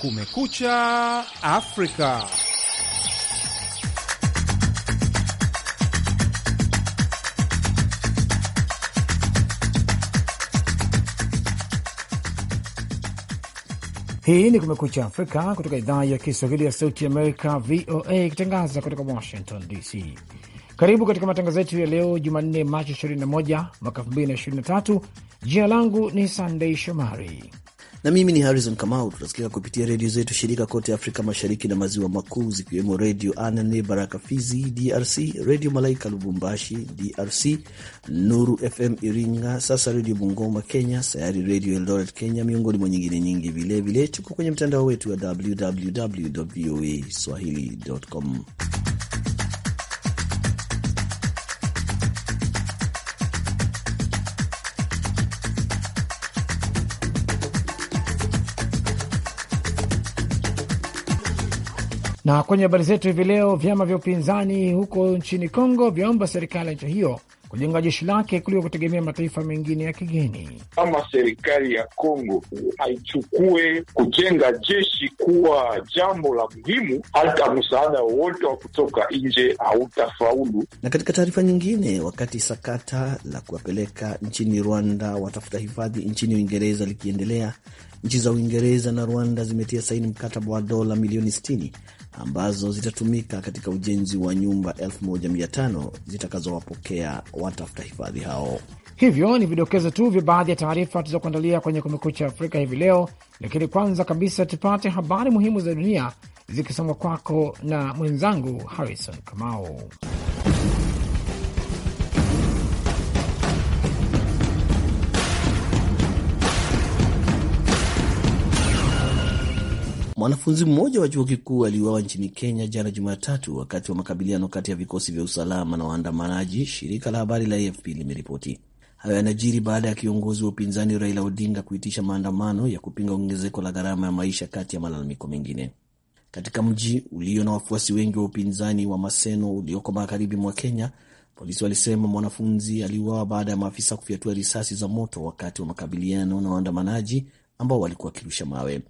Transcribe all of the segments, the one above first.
Kumekucha Afrika. Hii ni Kumekucha Afrika kutoka idhaa ya Kiswahili ya Sauti Amerika, VOA, ikitangaza kutoka Washington DC. Karibu katika matangazo yetu ya leo Jumanne, Machi 21 mwaka 2023. Jina langu ni Sandei Shomari na mimi ni Harrison Kamau. Tunasikika kupitia redio zetu shirika kote Afrika Mashariki na Maziwa Makuu, zikiwemo Redio Anane Baraka Fizi DRC, Redio Malaika Lubumbashi DRC, Nuru FM Iringa, Sasa Redio Bungoma Kenya, Sayari Redio Eldoret Kenya, miongoni mwa nyingine nyingi. Vilevile tuko kwenye mtandao wetu wa www voa swahili.com. Na kwenye habari zetu hivi leo, vyama vya upinzani huko nchini Kongo vyaomba serikali ya nchi hiyo kujenga jeshi lake kuliko kutegemea mataifa mengine ya kigeni. Kama serikali ya Kongo haichukue kujenga jeshi kuwa jambo la muhimu, hata msaada wowote wa kutoka nje hautafaulu. Na katika taarifa nyingine, wakati sakata la kuwapeleka nchini Rwanda watafuta hifadhi nchini Uingereza likiendelea, nchi za Uingereza na Rwanda zimetia saini mkataba wa dola milioni ambazo zitatumika katika ujenzi wa nyumba 1500 zitakazowapokea watafuta hifadhi hao. Hivyo ni vidokezo tu vya baadhi ya taarifa tulizokuandalia kwenye Kumekucha Afrika hivi leo, lakini kwanza kabisa tupate habari muhimu za dunia zikisomwa kwako na mwenzangu Harrison Kamau. Mwanafunzi mmoja wa chuo kikuu aliuawa nchini Kenya jana Jumatatu wakati wa makabiliano kati ya vikosi vya usalama na waandamanaji, shirika la habari la AFP limeripoti. Hayo yanajiri baada ya kiongozi wa upinzani Raila Odinga kuitisha maandamano ya kupinga ongezeko la gharama ya maisha kati ya malalamiko mengine. Katika mji ulio na wafuasi wengi wa upinzani wa Maseno ulioko magharibi mwa Kenya, polisi walisema mwanafunzi aliuawa baada ya maafisa kufyatua risasi za moto wakati wa makabiliano na waandamanaji ambao walikuwa wakirusha mawe.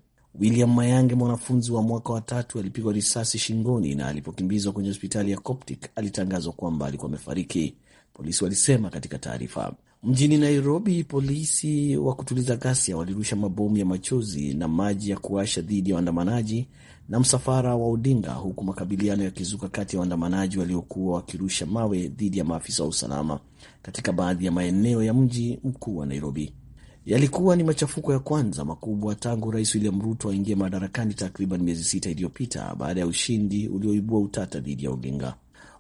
William Mayange, mwanafunzi wa mwaka wa tatu, alipigwa risasi shingoni na alipokimbizwa kwenye hospitali ya Coptic alitangazwa kwamba alikuwa amefariki, polisi walisema katika taarifa. Mjini Nairobi, polisi wa kutuliza ghasia walirusha mabomu ya machozi na maji ya kuasha dhidi ya waandamanaji na msafara wa Odinga, huku makabiliano yakizuka kati ya waandamanaji waliokuwa wakirusha mawe dhidi ya maafisa wa usalama katika baadhi ya maeneo ya mji mkuu wa Nairobi yalikuwa ni machafuko ya kwanza makubwa tangu Rais William Ruto aingie madarakani takriban miezi sita iliyopita baada ya ushindi ulioibua utata dhidi ya Odinga.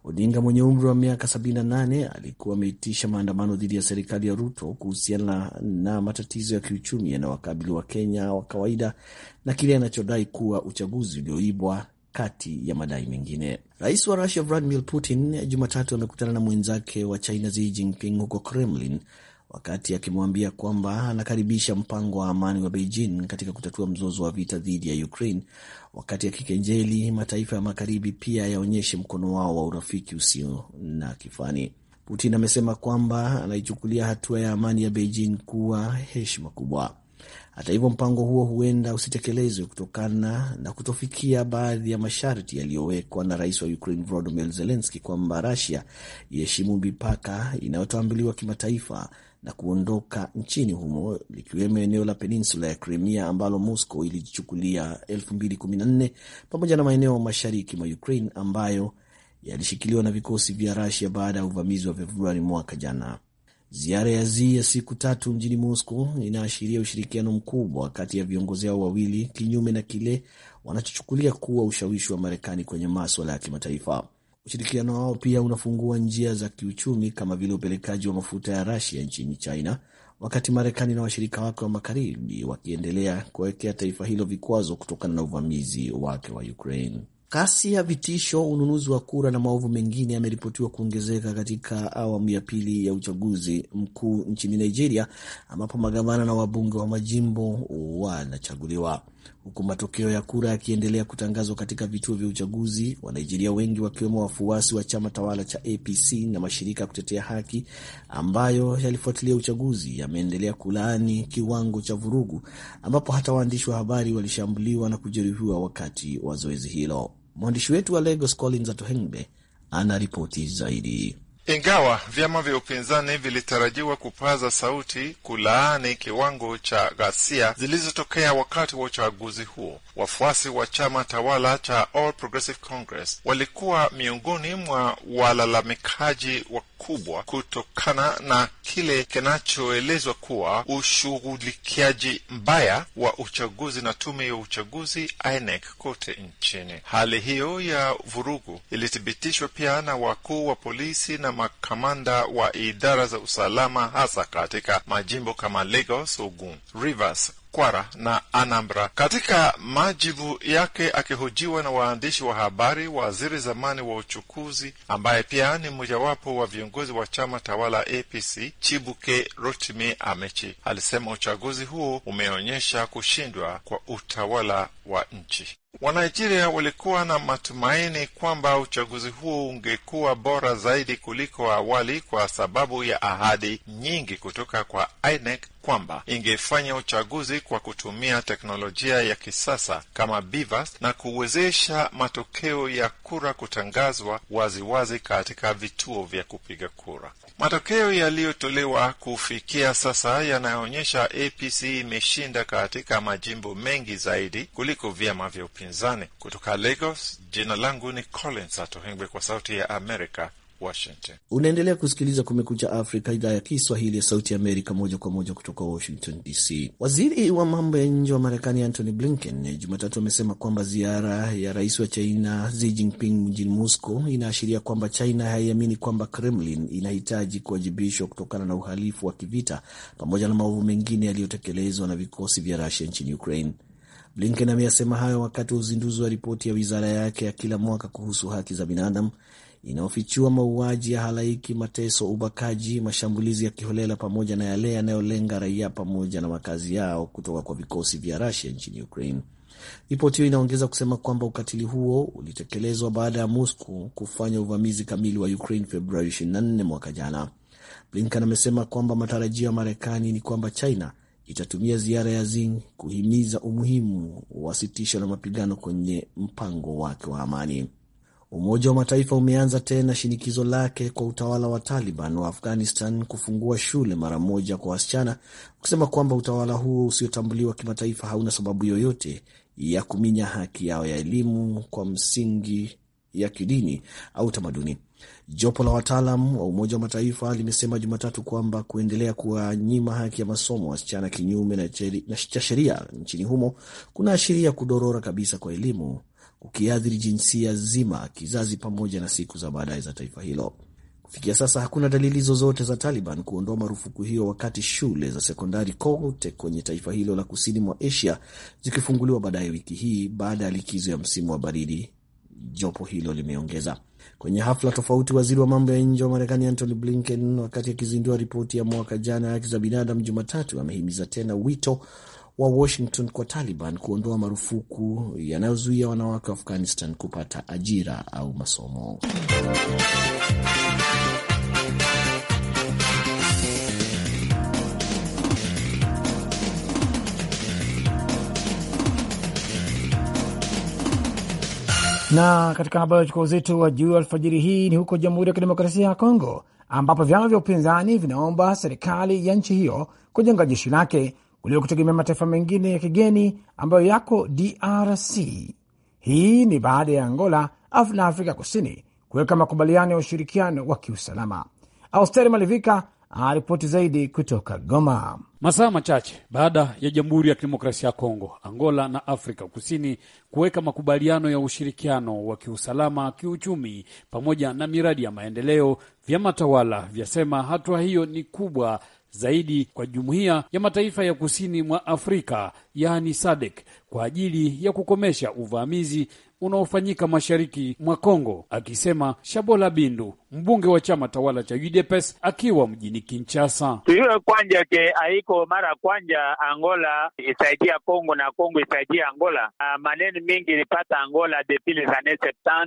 Odinga mwenye umri wa miaka 78 alikuwa ameitisha maandamano dhidi ya serikali ya Ruto kuhusiana na matatizo ya kiuchumi yanayowakabili wa Kenya wa kawaida na kile anachodai kuwa uchaguzi ulioibwa kati ya madai mengine. Rais wa Russia Vladimir Putin Jumatatu amekutana na mwenzake wa China Xi Jinping huko Kremlin wakati akimwambia kwamba anakaribisha mpango wa amani wa Beijing katika kutatua mzozo wa vita dhidi ya Ukraine, wakati akikenjeli mataifa ya magharibi pia yaonyeshe mkono wao wa urafiki usio na kifani. Putin amesema kwamba anaichukulia hatua ya amani ya Beijing kuwa heshima kubwa. Hata hivyo, mpango huo huenda usitekelezwe kutokana na kutofikia baadhi ya masharti yaliyowekwa na rais wa Ukraine Volodymyr Zelensky kwamba Russia iheshimu mipaka inayotambuliwa kimataifa na kuondoka nchini humo likiwemo eneo la peninsula ya Crimea ambalo Moscow ilijichukulia 2014 pamoja na maeneo mashariki mwa Ukraine ambayo yalishikiliwa na vikosi vya rasia baada ya uvamizi wa Februari mwaka jana. Ziara ya Xi ya siku tatu mjini Moscow inaashiria ushirikiano mkubwa kati ya viongozi hao wawili, kinyume na kile wanachochukulia kuwa ushawishi wa Marekani kwenye maswala ya kimataifa. Ushirikiano wao pia unafungua njia za kiuchumi kama vile upelekaji wa mafuta ya rasia nchini China, wakati Marekani na washirika wake wa magharibi wakiendelea kuwekea taifa hilo vikwazo kutokana na uvamizi wake wa Ukraine. Kasi ya vitisho, ununuzi wa kura na maovu mengine yameripotiwa kuongezeka katika awamu ya pili ya uchaguzi mkuu nchini Nigeria, ambapo magavana na wabunge wa majimbo wanachaguliwa huku matokeo ya kura yakiendelea kutangazwa katika vituo vya uchaguzi, Wanaijeria wengi wakiwemo wafuasi wa chama tawala cha APC na mashirika ya kutetea haki ambayo yalifuatilia uchaguzi yameendelea kulaani kiwango cha vurugu, ambapo hata waandishi wa habari walishambuliwa na kujeruhiwa wakati wa zoezi hilo. Mwandishi wetu wa Lagos Collins Atohengbe ana ripoti zaidi. Ingawa vyama vya upinzani vilitarajiwa kupaza sauti kulaani kiwango cha ghasia zilizotokea wakati wa uchaguzi huo, wafuasi wa chama tawala cha All Progressive Congress walikuwa miongoni mwa walalamikaji wa kubwa kutokana na kile kinachoelezwa kuwa ushughulikiaji mbaya wa uchaguzi na tume ya uchaguzi INEC kote nchini. Hali hiyo ya vurugu ilithibitishwa pia na wakuu wa polisi na makamanda wa idara za usalama hasa katika majimbo kama Lagos, Ogun, Rivers, Kwara na Anambra. Katika majibu yake akihojiwa na waandishi wa habari, waziri zamani wa uchukuzi ambaye pia ni mmojawapo wa viongozi wa chama tawala APC Chibuke Rotimi Amechi alisema uchaguzi huo umeonyesha kushindwa kwa utawala wa nchi. Wanigeria walikuwa na matumaini kwamba uchaguzi huo ungekuwa bora zaidi kuliko awali kwa sababu ya ahadi nyingi kutoka kwa INEC kwamba ingefanya uchaguzi kwa kutumia teknolojia ya kisasa kama bivas na kuwezesha matokeo ya kura kutangazwa waziwazi wazi katika vituo vya kupiga kura. Matokeo yaliyotolewa kufikia sasa yanaonyesha APC imeshinda katika majimbo mengi zaidi kuliko vyama vya upinzani. Kutoka Lagos, jina langu ni Collins Atohengwe, kwa Sauti ya Amerika. Washington. Unaendelea kusikiliza Kumekucha Afrika, idhaa ya Kiswahili ya Sauti Amerika, moja kwa moja kutoka Washington DC. Waziri wa mambo ya nje wa Marekani Antony Blinken Jumatatu amesema kwamba ziara ya rais wa China Xi Jinping mjini Moscow inaashiria kwamba China haiamini kwamba Kremlin inahitaji kuwajibishwa kutokana na uhalifu wa kivita pamoja na maovu mengine yaliyotekelezwa na vikosi vya Rusia nchini Ukraine. Blinken ameyasema hayo wakati wa uzinduzi wa ripoti ya wizara yake ya kila mwaka kuhusu haki za binadamu inayofichua mauaji ya halaiki, mateso, ubakaji, mashambulizi ya kiholela pamoja na yale yanayolenga raia pamoja na makazi yao kutoka kwa vikosi vya Rusia nchini Ukraine. Ripoti hiyo inaongeza kusema kwamba ukatili huo ulitekelezwa baada ya Moscow kufanya uvamizi kamili wa Ukraine Februari 24 mwaka jana. Blinken amesema kwamba matarajio ya Marekani ni kwamba China itatumia ziara ya Xi kuhimiza umuhimu wa sitisho la mapigano kwenye mpango wake wa amani. Umoja wa Mataifa umeanza tena shinikizo lake kwa utawala wa Taliban wa Afghanistan kufungua shule mara moja kwa wasichana, ukisema kwamba utawala huo usiotambuliwa kimataifa hauna sababu yoyote ya kuminya haki yao ya elimu kwa msingi ya kidini au tamaduni. Jopo la wataalam wa Umoja wa Mataifa limesema Jumatatu kwamba kuendelea kuwanyima haki ya masomo wasichana kinyume cha sheria nchini humo kunaashiria kudorora kabisa kwa elimu ukiathiri jinsia zima, kizazi, pamoja na siku za baadaye za taifa hilo. Kufikia sasa hakuna dalili zozote za Taliban kuondoa marufuku hiyo, wakati shule za sekondari kote kwenye taifa hilo la kusini mwa Asia zikifunguliwa baadaye wiki hii baada ya likizo ya msimu wa baridi, jopo hilo limeongeza. Kwenye hafla tofauti, waziri wa mambo ya nje wa Marekani Antony Blinken, wakati akizindua ripoti ya mwaka jana ya haki za binadamu Jumatatu, amehimiza tena wito wa Washington kwa Taliban kuondoa marufuku yanayozuia wanawake wa Afghanistan kupata ajira au masomo. Na katika habari ya chukua uzito wa juu alfajiri hii ni huko Jamhuri ya Kidemokrasia ya Kongo ambapo vyama vya upinzani vinaomba serikali ya nchi hiyo kujenga jeshi lake uliokutegemea mataifa mengine ya kigeni ambayo yako DRC. Hii ni baada ya Angola na Afrika Kusini kuweka makubaliano ya ushirikiano wa kiusalama. Austeri Malivika aripoti zaidi kutoka Goma. Masaa machache baada ya Jamhuri ya Kidemokrasia ya Kongo, Angola na Afrika Kusini kuweka makubaliano ya ushirikiano wa kiusalama, kiuchumi, pamoja na miradi ya maendeleo, vyama tawala vyasema hatua hiyo ni kubwa zaidi kwa Jumuiya ya Mataifa ya Kusini mwa Afrika, yaani SADC, kwa ajili ya kukomesha uvamizi unaofanyika mashariki mwa Kongo, akisema Shabola Bindu, mbunge wa chama tawala cha UDPS akiwa mjini Kinshasa. Tuiwe kwanja ke haiko mara kwanja, Angola isaidia Kongo na Kongo isaidia Angola. Ah, maneno mingi ilipata Angola depuis les années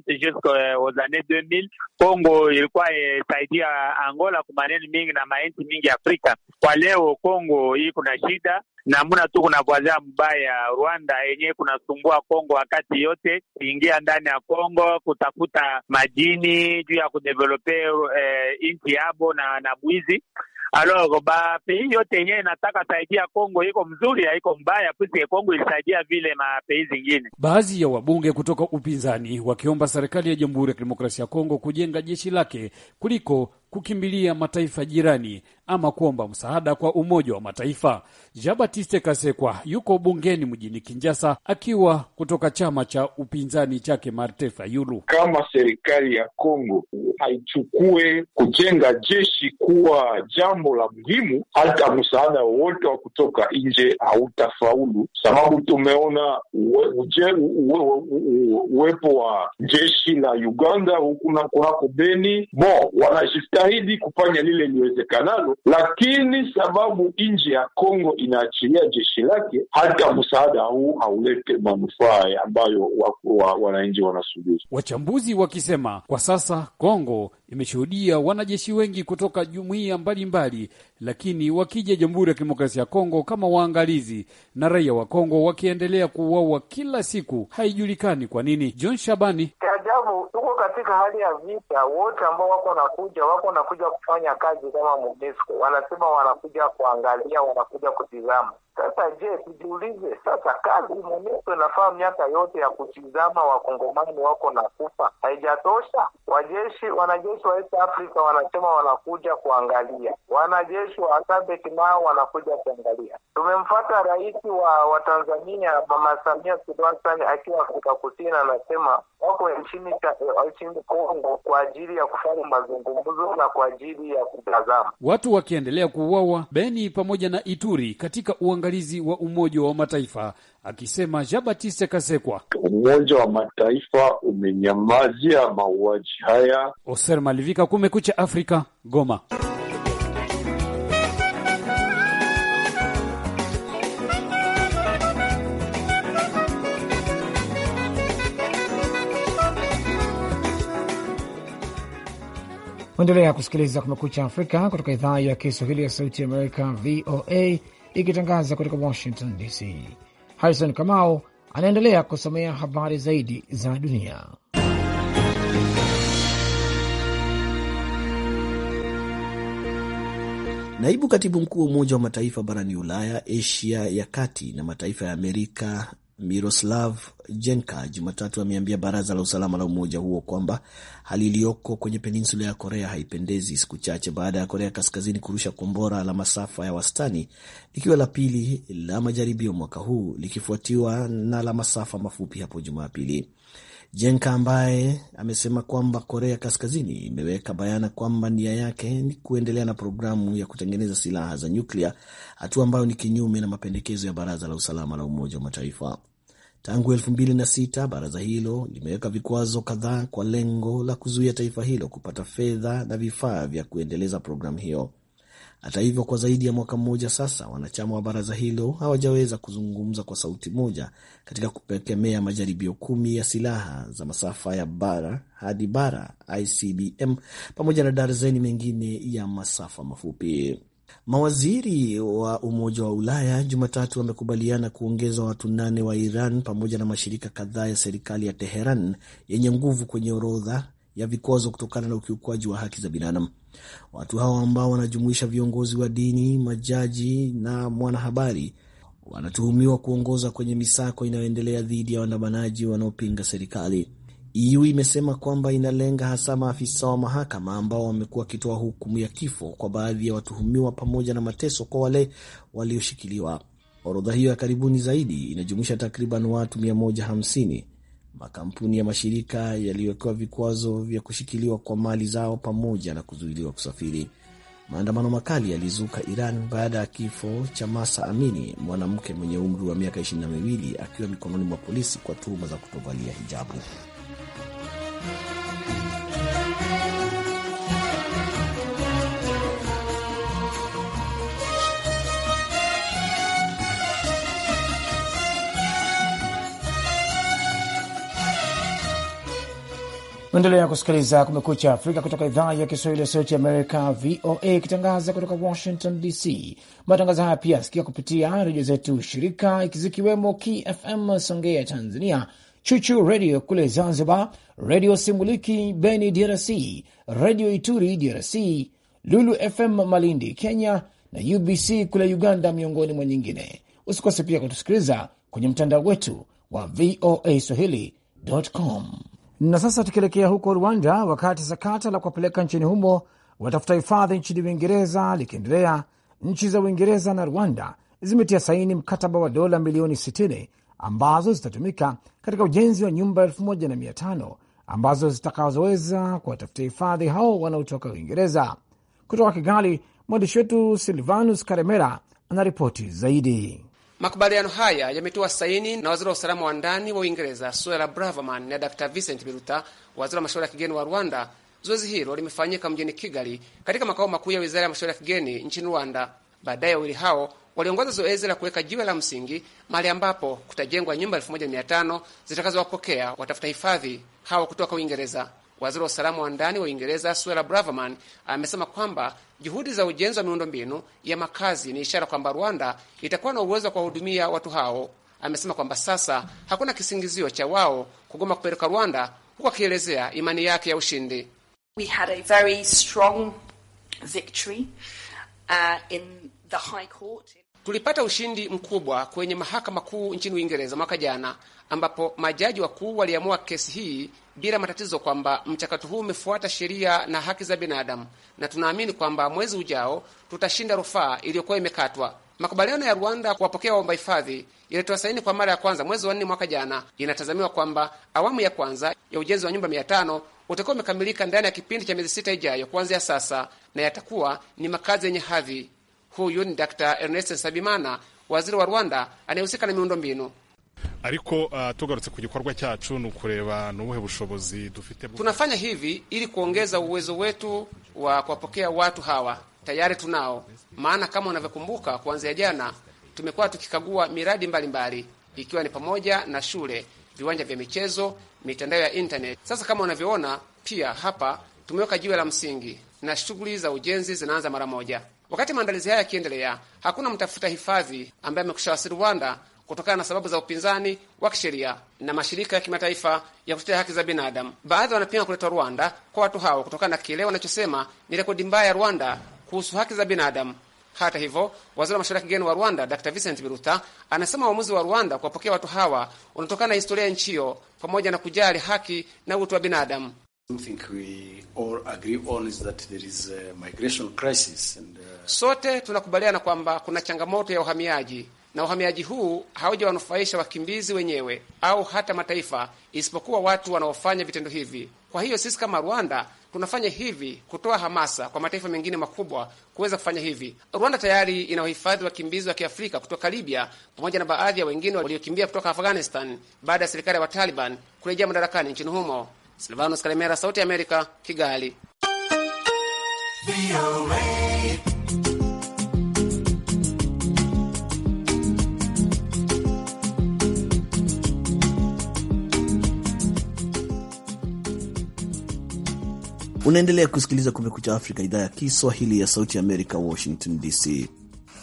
jusqu' jusqu'aux eh, années 2000. Kongo ilikuwa isaidia Angola kwa maneno mingi na mainti mingi Afrika. Kwa leo Kongo iko na shida namuna tu kuna voisin mbaya Rwanda yenyewe kunasumbua Kongo wakati yote, kuingia ndani ya Kongo kutafuta madini juu ya kudevelope eh, inchi yabo na na bwizi alors ba pei yote yenyewe inataka saidia Kongo, iko mzuri haiko mbaya, puisque Kongo ilisaidia vile mapei zingine. Baadhi ya wabunge kutoka upinzani wakiomba serikali ya Jamhuri ya Kidemokrasia ya Kongo kujenga jeshi lake kuliko kukimbilia mataifa jirani ama kuomba msaada kwa Umoja wa Mataifa. Jean Batiste Kasekwa yuko bungeni mjini kinjasa akiwa kutoka chama cha upinzani chake Marte Fayulu. Kama serikali ya Kongo haichukue kujenga jeshi kuwa jambo la muhimu, hata msaada wowote wa kutoka nje hautafaulu, sababu tumeona uwepo wa jeshi la Uganda huku kunako Beni, bo wanajista tunajitahidi kufanya lile liwezekanalo, lakini sababu nje ya Kongo inaachilia jeshi lake, hata msaada huu haulete manufaa ambayo wananchi wa, wa, wanasubiri, wachambuzi wakisema kwa sasa Kongo imeshuhudia wanajeshi wengi kutoka jumuiya mbalimbali, lakini wakija Jamhuri ya Kidemokrasia ya Kongo kama waangalizi na raia wa Kongo wakiendelea kuuawa kila siku, haijulikani kwa nini. John Shabani ajabu, tuko katika hali ya vita. Wote ambao wako nakuja wako nakuja kufanya kazi kama MONUSCO, wanasema wanakuja kuangalia, wanakuja kutizama. Sasa je, tujiulize sasa, kazi MONUSCO inafaa miaka yote ya kutizama wakongomani wako na kufa, haijatosha? Wajeshi wanajeshi wanajeshi wa East Africa wanasema wanakuja kuangalia, wanajeshi wa SADC nao wanakuja kuangalia. Tumemfuata rais wa, wa Tanzania Mama Samia Suluhu Hassan akiwa Afrika Kusini, anasema wako nchini eh, nchini Kongo kwa ajili ya kufanya mazungumzo na kwa ajili ya kutazama watu wakiendelea kuuawa Beni pamoja na Ituri katika uangalizi wa Umoja wa Mataifa akisema Jabatiste Kasekwa, Umoja wa Mataifa umenyamazia mauaji haya. Oser Malivika, Kumekucha Afrika, Goma. Endelea kusikiliza Kumekucha Afrika kutoka idhaa ya Kiswahili ya Sauti ya Amerika, VOA, ikitangaza kutoka Washington DC. Harison Kamau anaendelea kusomea habari zaidi za dunia. Naibu katibu mkuu wa Umoja wa Mataifa barani Ulaya, Asia ya Kati na mataifa ya Amerika Miroslav Jenka Jumatatu ameambia baraza la usalama la umoja huo kwamba hali iliyoko kwenye peninsula ya Korea haipendezi, siku chache baada ya Korea Kaskazini kurusha kombora la masafa ya wastani likiwa la pili la majaribio mwaka huu likifuatiwa na la masafa mafupi hapo Jumapili. Jenka ambaye amesema kwamba Korea Kaskazini imeweka bayana kwamba nia yake ni kuendelea na programu ya kutengeneza silaha za nyuklia, hatua ambayo ni kinyume na mapendekezo ya baraza la usalama la Umoja wa Mataifa. Tangu 2006 baraza hilo limeweka vikwazo kadhaa kwa lengo la kuzuia taifa hilo kupata fedha na vifaa vya kuendeleza programu hiyo. Hata hivyo, kwa zaidi ya mwaka mmoja sasa, wanachama wa baraza hilo hawajaweza kuzungumza kwa sauti moja katika kupekemea majaribio kumi ya silaha za masafa ya bara hadi bara ICBM pamoja na darzeni mengine ya masafa mafupi. Mawaziri wa Umoja wa Ulaya Jumatatu wamekubaliana kuongeza watu nane wa Iran pamoja na mashirika kadhaa ya serikali ya Teheran yenye nguvu kwenye orodha ya vikwazo kutokana na ukiukwaji wa haki za binadamu. Watu hao ambao wanajumuisha viongozi wa dini, majaji na mwanahabari wanatuhumiwa kuongoza kwenye misako inayoendelea dhidi ya waandamanaji wanaopinga serikali. EU imesema kwamba inalenga hasa maafisa wa mahakama ambao wamekuwa wakitoa hukumu ya kifo kwa baadhi ya watuhumiwa pamoja na mateso kwa wale walioshikiliwa. Orodha hiyo ya karibuni zaidi inajumuisha takriban watu 150, makampuni ya mashirika yaliyowekewa vikwazo vya kushikiliwa kwa mali zao pamoja na kuzuiliwa kusafiri. Maandamano makali yalizuka Iran baada ya kifo cha Masa Amini, mwanamke mwenye umri wa miaka 22, akiwa mikononi mwa polisi kwa tuhuma za kutovalia hijabu. Endelea kusikiliza Kumekucha Afrika kutoka idhaa ya Kiswahili ya Sauti ya Amerika, VOA, ikitangaza kutoka Washington DC. Matangazo haya pia yasikia kupitia redio zetu shirika zikiwemo KFM Songea Tanzania, Chuchu Redio kule Zanzibar, Redio Simuliki Beni DRC, Redio Ituri DRC, Lulu FM Malindi Kenya na UBC kule Uganda, miongoni mwa nyingine. Usikose pia kutusikiliza kwenye mtandao wetu wa VOA Swahili.com. Na sasa tukielekea huko Rwanda, wakati sakata la kuwapeleka nchini humo watafuta hifadhi nchini Uingereza likiendelea, nchi za Uingereza na Rwanda zimetia saini mkataba wa dola milioni 60 ambazo zitatumika katika ujenzi wa nyumba elfu moja na mia tano ambazo zitakazoweza kuwatafutia hifadhi hao wanaotoka Uingereza. Kutoka Kigali, mwandishi wetu Silvanus Karemera anaripoti zaidi. Makubaliano haya yametiwa saini na waziri wa usalama wa ndani wa Uingereza Suella Braverman na Dr Vincent Biruta, waziri wa mashauri ya kigeni wa Rwanda. Zoezi hilo limefanyika mjini Kigali, katika makao makuu ya wizara ya mashauri ya kigeni nchini Rwanda. Baadaye wawili hao waliongoza zoezi la kuweka jiwe la msingi mahali ambapo kutajengwa nyumba elfu moja mia tano zitakazowapokea watafuta hifadhi hawa kutoka Uingereza. Waziri wa usalama wa ndani wa Uingereza Suella Braverman amesema kwamba juhudi za ujenzi wa miundo mbinu ya makazi ni ishara kwamba Rwanda itakuwa na uwezo wa kuwahudumia watu hao. Amesema kwamba sasa hakuna kisingizio cha wao kugoma kupeleka Rwanda, huku akielezea imani yake ya ushindi. We had a very strong victory uh, in the High Court. Tulipata ushindi mkubwa kwenye mahakama kuu nchini Uingereza mwaka jana, ambapo majaji wakuu waliamua kesi hii bila matatizo, kwamba mchakato huu umefuata sheria na haki za binadamu, na tunaamini kwamba mwezi ujao tutashinda rufaa iliyokuwa imekatwa. Makubaliano ya Rwanda kuwapokea waomba hifadhi yalitoa saini kwa mara ya kwanza mwezi wa nne mwaka jana. Inatazamiwa kwamba awamu ya kwanza ya ujenzi wa nyumba mia tano utakuwa umekamilika ndani ya kipindi cha miezi sita ijayo kuanzia sasa, na yatakuwa ni makazi yenye hadhi. Huyu ni Dr Ernest Nsabimana, waziri wa Rwanda anayehusika na miundo mbinu. Ariko uh, tugarutse ku gikorwa cyacu ni ukureba ni ubuhe bushobozi dufite. Tunafanya hivi ili kuongeza uwezo wetu wa kuwapokea watu hawa, tayari tunao. Maana kama unavyokumbuka, kuanzia jana tumekuwa tukikagua miradi mbalimbali mbali, ikiwa ni pamoja na shule, viwanja vya michezo mitandao ya internet. Sasa kama unavyoona pia hapa tumeweka jiwe la msingi na shughuli za ujenzi zinaanza mara moja. Wakati maandalizi haya yakiendelea, hakuna mtafuta hifadhi ambaye amekusha wasili Rwanda kutokana na sababu za upinzani wa kisheria na mashirika ya kimataifa ya kutetea haki za binadamu. Baadhi wanapinga kuletwa Rwanda kwa watu hao kutokana na kile wanachosema ni rekodi mbaya ya Rwanda kuhusu haki za binadamu. Hata hivyo, waziri wa mashauri ya kigeni wa Rwanda Dr Vincent Biruta anasema uamuzi wa Rwanda kuwapokea watu hawa unatokana na historia ya nchi hiyo pamoja na kujali haki na utu wa binadamu. Uh, Sote tunakubaliana kwamba kuna changamoto ya uhamiaji na uhamiaji huu haujawanufaisha wakimbizi wenyewe au hata mataifa, isipokuwa watu wanaofanya vitendo hivi. Kwa hiyo sisi kama Rwanda tunafanya hivi kutoa hamasa kwa mataifa mengine makubwa kuweza kufanya hivi. Rwanda tayari ina wahifadhi wakimbizi wa kiafrika kutoka Libya pamoja na baadhi ya wengine waliokimbia kutoka Afghanistan baada ya serikali ya Taliban kurejea madarakani nchini humo. Silvanos Kalemera, Sauti ya Amerika, Kigali. Unaendelea kusikiliza Kumekucha Afrika, idhaa ya Kiswahili ya Sauti ya Amerika, Washington DC.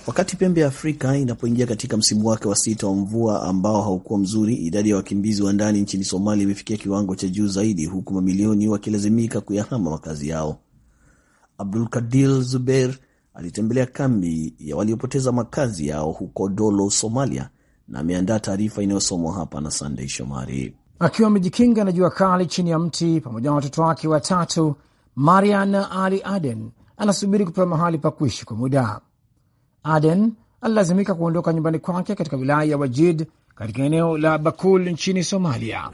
Wakati pembe ya Afrika inapoingia katika msimu wake wa sita wa mvua ambao haukuwa mzuri, idadi ya wakimbizi wa ndani nchini Somalia imefikia kiwango cha juu zaidi, huku mamilioni wakilazimika kuyahama makazi yao. Abdul Kadil Zubeir alitembelea kambi ya waliopoteza makazi yao huko Dolo, Somalia, na ameandaa taarifa inayosomwa hapa na Sandei Shomari. Akiwa amejikinga na jua kali chini ya mti pamoja na watoto wake watatu, Mariana Ali Aden anasubiri kupewa mahali pa kuishi kwa muda. Aden alilazimika kuondoka nyumbani kwake katika wilaya ya Wajid katika eneo la Bakul nchini Somalia.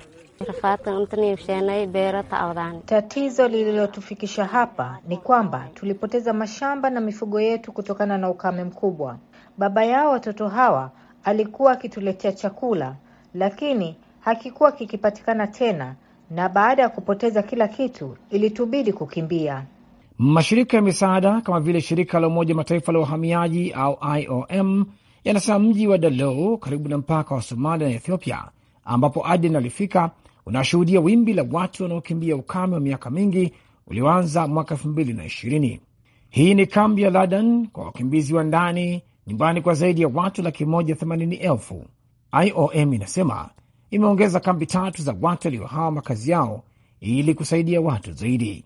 Tatizo lililotufikisha hapa ni kwamba tulipoteza mashamba na mifugo yetu kutokana na ukame mkubwa. Baba yao watoto hawa alikuwa akituletea chakula, lakini hakikuwa kikipatikana tena na baada ya kupoteza kila kitu ilitubidi kukimbia. Mashirika ya misaada kama vile shirika la Umoja Mataifa la uhamiaji au IOM yanasema mji wa dalou karibu na mpaka wa Somalia na Ethiopia ambapo Aden alifika unashuhudia wimbi la watu wanaokimbia ukame wa miaka mingi ulioanza mwaka elfu mbili na ishirini. Hii ni kambi ya Ladan kwa wakimbizi wa ndani nyumbani kwa zaidi ya watu laki moja themanini elfu. IOM inasema imeongeza kambi tatu za watu waliohama makazi yao ili kusaidia watu zaidi.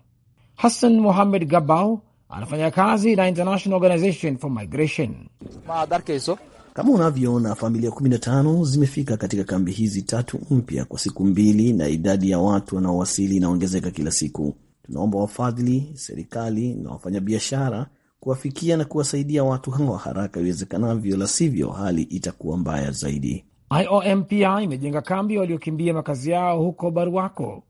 Hassan Mohamed Gabau anafanya kazi na International Organization for Migration. Kama unavyoona, familia 15 zimefika katika kambi hizi tatu mpya kwa siku mbili, na idadi ya watu wanaowasili inaongezeka kila siku. Tunaomba wafadhili, serikali na wafanyabiashara kuwafikia na kuwasaidia watu hawa haraka iwezekanavyo, la sivyo hali itakuwa mbaya zaidi. IOM pia imejenga kambi waliokimbia makazi yao huko Baruako.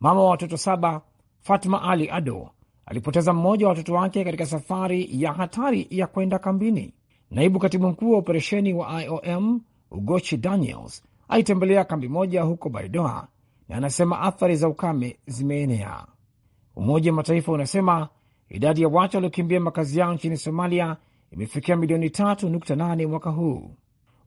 Mama wa watoto saba Fatma Ali Ado alipoteza mmoja wa watoto wake katika safari ya hatari ya kwenda kambini. Naibu katibu mkuu wa operesheni wa IOM Ugochi Daniels alitembelea kambi moja huko Baidoa na anasema athari za ukame zimeenea. Umoja wa Mataifa unasema idadi ya watu waliokimbia makazi yao nchini Somalia imefikia milioni 3.8 mwaka huu.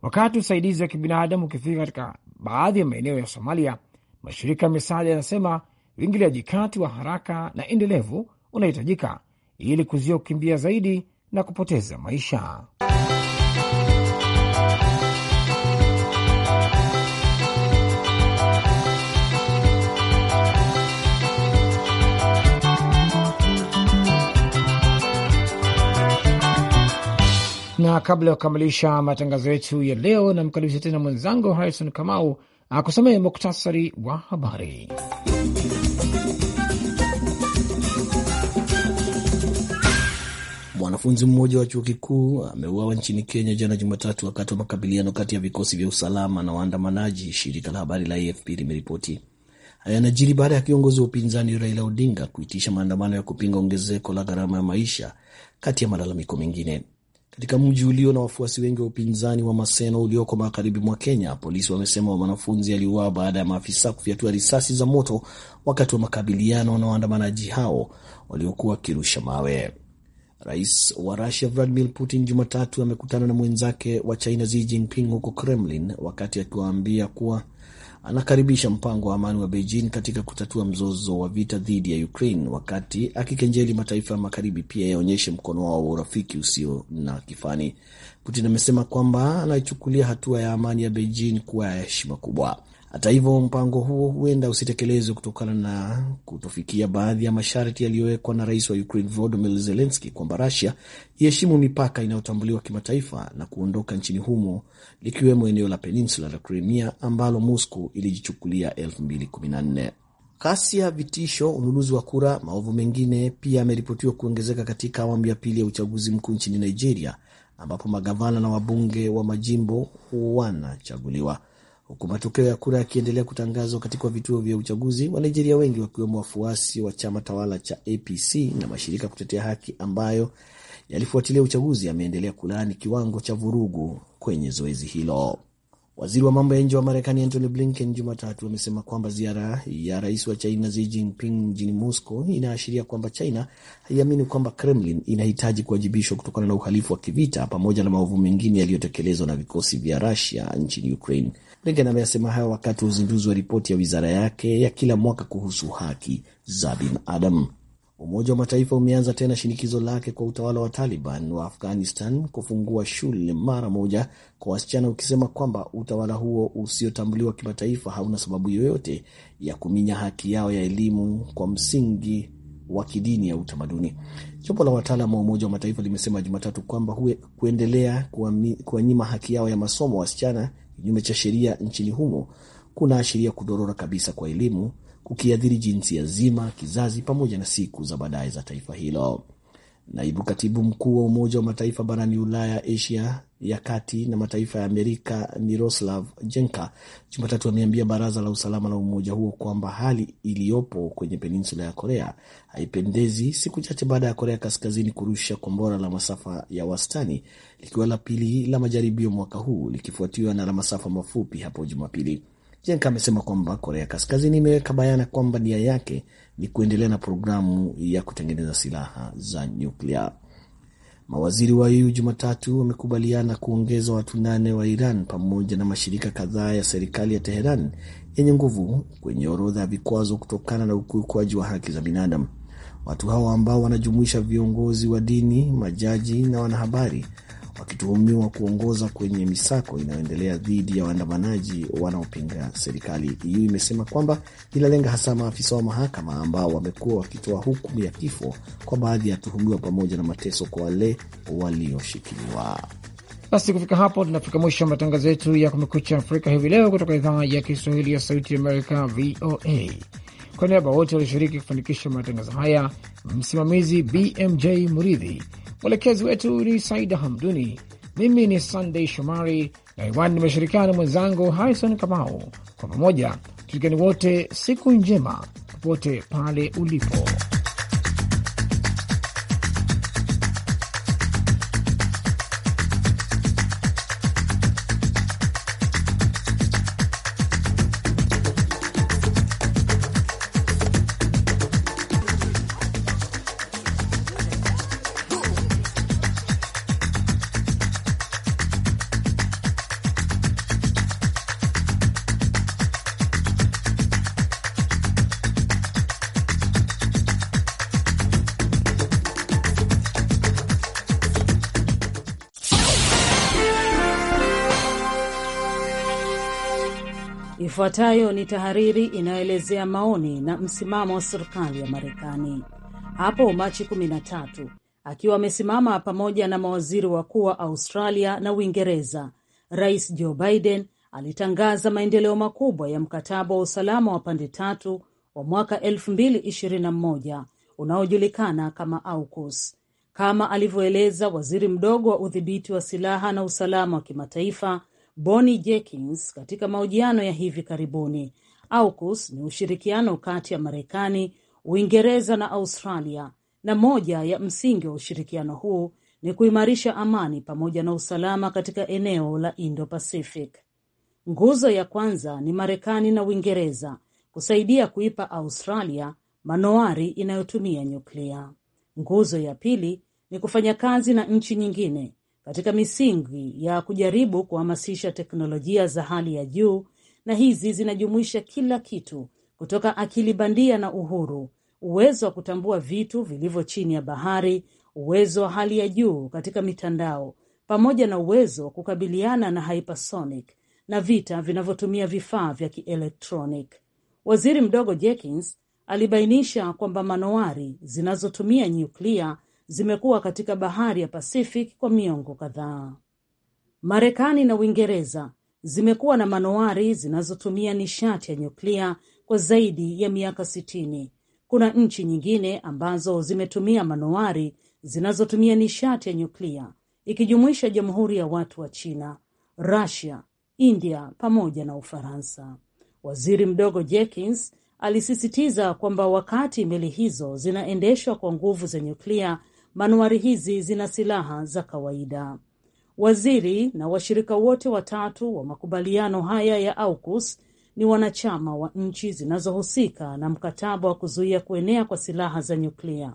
Wakati usaidizi wa kibinadamu ukifika katika baadhi ya maeneo ya Somalia, mashirika ya misaada yanasema uingiliaji kati wa haraka na endelevu unahitajika ili kuzuia kukimbia zaidi na kupoteza maisha. na kabla ya kukamilisha matangazo yetu ya leo, namkaribisha tena mwenzangu Harrison Kamau akusomee muktasari wa habari. Mwanafunzi mmoja wa chuo kikuu ameuawa nchini Kenya jana Jumatatu wakati wa makabiliano kati ya vikosi vya usalama na waandamanaji, shirika la habari la AFP limeripoti. Haya yanajiri baada ya kiongozi wa upinzani Raila Odinga kuitisha maandamano ya kupinga ongezeko la gharama ya maisha kati ya malalamiko mengine. Katika mji ulio na wafuasi wengi wa upinzani wa Maseno ulioko magharibi mwa Kenya, polisi wamesema mwanafunzi aliuawa baada ya maafisa kufyatua risasi za moto wakati wa makabiliano na waandamanaji hao waliokuwa wakirusha mawe. Rais wa Rusia Vladimir Putin Jumatatu amekutana na mwenzake wa China Xi Jinping huko Kremlin, wakati akiwaambia kuwa anakaribisha mpango wa amani wa Beijing katika kutatua mzozo wa vita dhidi ya Ukraine, wakati akikenjeli mataifa ya magharibi pia yaonyeshe mkono wao wa urafiki usio na kifani. Putin amesema kwamba anaichukulia hatua ya amani ya Beijing kuwa ya heshima kubwa. Hata hivyo, mpango huo huenda usitekelezwe kutokana na kutofikia baadhi ya masharti yaliyowekwa na rais wa Ukraine Volodymyr Zelensky kwamba Russia iheshimu mipaka inayotambuliwa kimataifa na kuondoka nchini humo, likiwemo eneo la peninsula la Crimea ambalo Moscow ilijichukulia 2014. Ghasia, vitisho, ununuzi wa kura, maovu mengine pia yameripotiwa kuongezeka katika awamu ya pili ya uchaguzi mkuu nchini Nigeria, ambapo magavana na wabunge wa majimbo wanachaguliwa huku matokeo ya kura yakiendelea kutangazwa katika vituo vya uchaguzi, wa wengi wakiwemo wafuasi wa chama tawala cha APC na mashirika kutetea haki ambayo yalifuatilia uchaguzi yameendelea kulaani kiwango cha vurugu kwenye zoezi hilo. Waziri wa mambo ya nje wa Marekani Antony Blinken Jumatatu amesema kwamba ziara ya rais wa China Xi Jinping mjini Moscow inaashiria kwamba China haiamini kwamba Kremlin inahitaji kuwajibishwa kutokana na uhalifu wa kivita pamoja na maovu mengine yaliyotekelezwa na vikosi vya Rusia nchini Ukraine. Blinken ameyasema hayo wakati wa uzinduzi wa ripoti ya wizara yake ya kila mwaka kuhusu haki za binadamu. Umoja wa Mataifa umeanza tena shinikizo lake kwa utawala wa Taliban wa Afghanistan kufungua shule mara moja kwa wasichana, ukisema kwamba utawala huo usiotambuliwa kimataifa hauna sababu yoyote ya kuminya haki yao ya elimu kwa msingi wa kidini au utamaduni. Jopo la wataalam wa Umoja wa Mataifa limesema Jumatatu kwamba kuendelea kuwanyima haki yao ya masomo wasichana kinyume cha sheria nchini humo kunaashiria kudorora kabisa kwa elimu, kukiathiri jinsia zima, kizazi pamoja na siku za baadaye za taifa hilo naibu katibu mkuu wa Umoja wa Mataifa barani Ulaya, Asia ya Kati na mataifa ya Amerika, Miroslav Jenka, Jumatatu ameambia Baraza la Usalama la umoja huo kwamba hali iliyopo kwenye peninsula ya Korea haipendezi, siku chache baada ya Korea Kaskazini kurusha kombora la masafa ya wastani, likiwa la pili la majaribio mwaka huu, likifuatiwa na la masafa mafupi hapo Jumapili. Jenka amesema kwamba Korea Kaskazini imeweka bayana kwamba nia yake ni kuendelea na programu ya kutengeneza silaha za nyuklia. Mawaziri wa EU Jumatatu wamekubaliana kuongeza watu nane wa Iran pamoja na mashirika kadhaa ya serikali ya Teheran yenye nguvu kwenye orodha ya vikwazo kutokana na ukiukwaji wa haki za binadamu. Watu hao ambao wanajumuisha viongozi wa dini, majaji na wanahabari wakituhumiwa kuongoza kwenye misako inayoendelea dhidi ya waandamanaji wanaopinga serikali. Hiyo imesema kwamba inalenga hasa maafisa wa mahakama ambao wamekuwa wakitoa hukumu ya kifo kwa baadhi ya tuhumiwa pamoja na mateso kwa wale walioshikiliwa. Basi kufika hapo, tunafika mwisho wa matangazo yetu ya Kumekucha Afrika hivi leo kutoka idhaa ya Kiswahili ya Sauti Amerika, VOA. Kwa niaba wote walioshiriki kufanikisha matangazo haya, msimamizi BMJ Muridhi, Mwelekezi wetu ni Saida Hamduni. Mimi ni Sandey Shomari na iwani nimeshirikiana na mwenzangu harison Kamau. Kwa pamoja tulikeni wote, siku njema popote pale ulipo. Ifuatayo ni tahariri inayoelezea maoni na msimamo wa serikali ya Marekani. Hapo Machi 13 akiwa amesimama pamoja na mawaziri wakuu wa Australia na Uingereza, Rais Joe Biden alitangaza maendeleo makubwa ya mkataba wa usalama wa pande tatu wa mwaka 2021 unaojulikana kama AUKUS. Kama alivyoeleza waziri mdogo wa udhibiti wa silaha na usalama wa kimataifa Bonnie Jenkins katika mahojiano ya hivi karibuni. AUKUS ni ushirikiano kati ya Marekani, Uingereza na Australia, na moja ya msingi wa ushirikiano huu ni kuimarisha amani pamoja na usalama katika eneo la Indo-Pacific. Nguzo ya kwanza ni Marekani na Uingereza kusaidia kuipa Australia manowari inayotumia nyuklia. Nguzo ya pili ni kufanya kazi na nchi nyingine katika misingi ya kujaribu kuhamasisha teknolojia za hali ya juu, na hizi zinajumuisha kila kitu kutoka akili bandia na uhuru, uwezo wa kutambua vitu vilivyo chini ya bahari, uwezo wa hali ya juu katika mitandao, pamoja na uwezo wa kukabiliana na hypersonic na vita vinavyotumia vifaa vya kielektronic. Waziri mdogo Jekins alibainisha kwamba manowari zinazotumia nyuklia zimekuwa katika bahari ya Pacific kwa miongo kadhaa. Marekani na Uingereza zimekuwa na manowari zinazotumia nishati ya nyuklia kwa zaidi ya miaka sitini. Kuna nchi nyingine ambazo zimetumia manowari zinazotumia nishati ya nyuklia ikijumuisha Jamhuri ya Watu wa China, Rusia, India pamoja na Ufaransa. Waziri mdogo Jekins alisisitiza kwamba wakati meli hizo zinaendeshwa kwa nguvu za nyuklia, Manuari hizi zina silaha za kawaida. Waziri na washirika wote watatu wa makubaliano haya ya AUKUS ni wanachama wa nchi zinazohusika na mkataba wa kuzuia kuenea kwa silaha za nyuklia.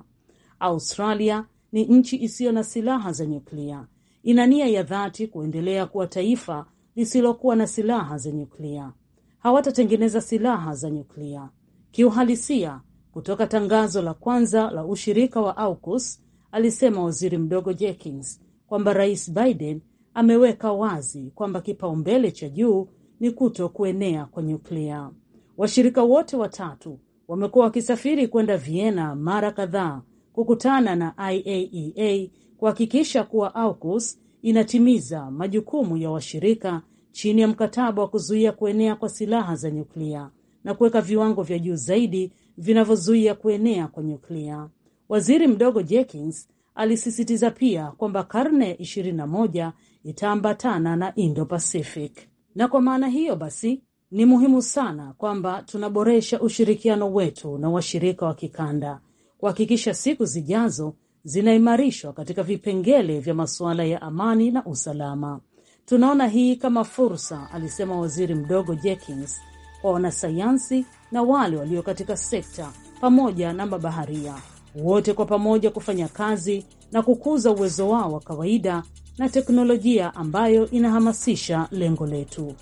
Australia ni nchi isiyo na silaha za nyuklia. Ina nia ya dhati kuendelea kuwa taifa lisilokuwa na silaha za nyuklia. Hawatatengeneza silaha za nyuklia. Kiuhalisia, kutoka tangazo la kwanza la ushirika wa AUKUS, alisema waziri mdogo Jekins kwamba Rais Biden ameweka wazi kwamba kipaumbele cha juu ni kuto kuenea kwa nyuklia. Washirika wote watatu wamekuwa wakisafiri kwenda Vienna mara kadhaa kukutana na IAEA e kuhakikisha kuwa AUKUS inatimiza majukumu ya washirika chini ya mkataba wa kuzuia kuenea kwa silaha za nyuklia na kuweka viwango vya juu zaidi vinavyozuia kuenea kwa nyuklia. Waziri mdogo Jenkins alisisitiza pia kwamba karne 21 itaambatana na Indo-Pacific, na kwa maana hiyo basi ni muhimu sana kwamba tunaboresha ushirikiano wetu na washirika wa kikanda kuhakikisha siku zijazo zinaimarishwa katika vipengele vya masuala ya amani na usalama. Tunaona hii kama fursa, alisema waziri mdogo Jenkins, kwa wanasayansi na wale walio katika sekta pamoja na mabaharia wote kwa pamoja kufanya kazi na kukuza uwezo wao wa kawaida na teknolojia ambayo inahamasisha lengo letu.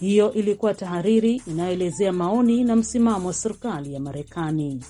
Hiyo ilikuwa tahariri inayoelezea maoni na msimamo wa serikali ya Marekani.